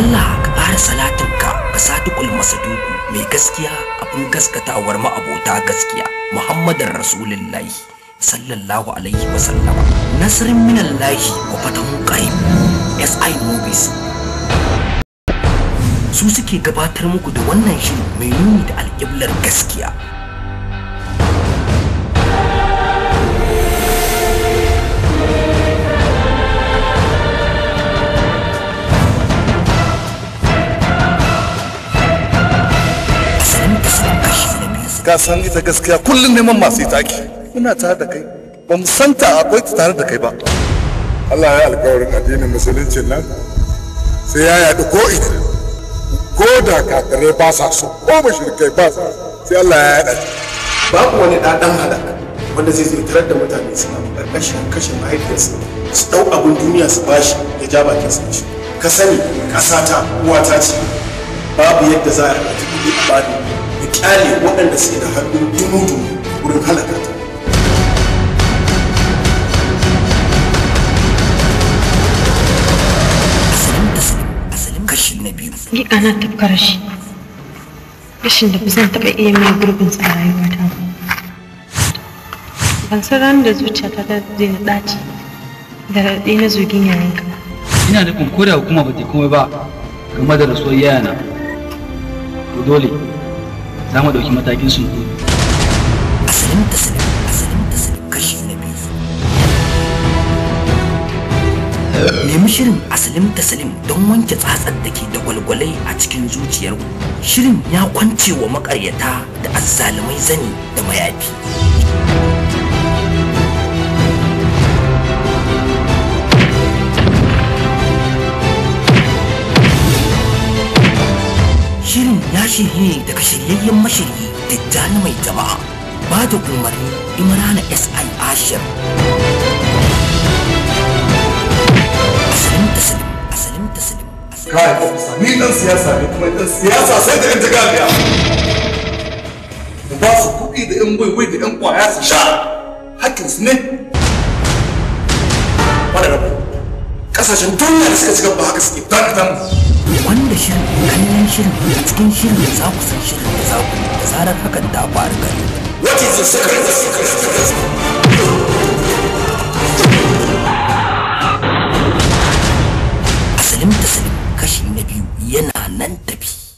Allah ka fara salatinka ga sadiqul masaduku mai gaskiya abin gaskatawar ma'abota gaskiya Muhammadin Rasulullahi sallallahu alaihi wa sallam nasrin minallahi wa fatahun qarib SI movies su suke gabatar muku da wannan shiri mai nuni da alƙiblar gaskiya ka san ita gaskiya kullum neman masu ita ake ina tare da kai ba mu ta akwai ta tare da kai ba Allah ya alkawarin addinin musulunci nan sai ya yaɗu ko ina ko da kakare ba sa so ko kai ba sa sai Allah ya yaɗa babu wani ɗaɗan halaka wanda zai zai tarar da mutane suna ƙarƙashin kashe mahaifiyarsa su ɗau abin duniya su bashi ya ja bakin su shi ka sani ƙasata uwata ce babu yadda za a yi kuɗi a bani da kyale waɗanda suke da hannun dunudu wurin halaka ta kashin na biyu ana tafkar shi rashin da ba zan taɓa iya mai gurbin a rayuwata ba ban san ranar da zuciyata ta daina ɗaci da raɗe na zugin yayanka ina nufin ko da hukuma ba ta komai ba game da rasuwar yayana dole za mu ɗauki matakin sun kudu. Asalin da sanin asalin da sanin kashi na biyu. Nemi shirin asalin da salim don wanke tsatsar da ke da gwalgwalai a cikin zuciyarku, Shirin ya kwance wa makaryata da azzalumai zani da mayafi. ya shehi ne daga shiryayyen mashiryi tijjani mai jama'a ba da umarni imrana si ashir kai ni dan siyasa ne kuma dan siyasa sai da yan tagaliya mu ba su kuɗi da yan baiwai da yan kwaya su sha hakkin su ne ba da rabu kasashen duniya da suka ci gaba haka suke dakatar mu wanda shirin kallon shirin cikin shirin za ku san shirin da za ku da zarar hakan ta faru gari. What is the secret? Asalin da kashi na biyu yana nan tafi.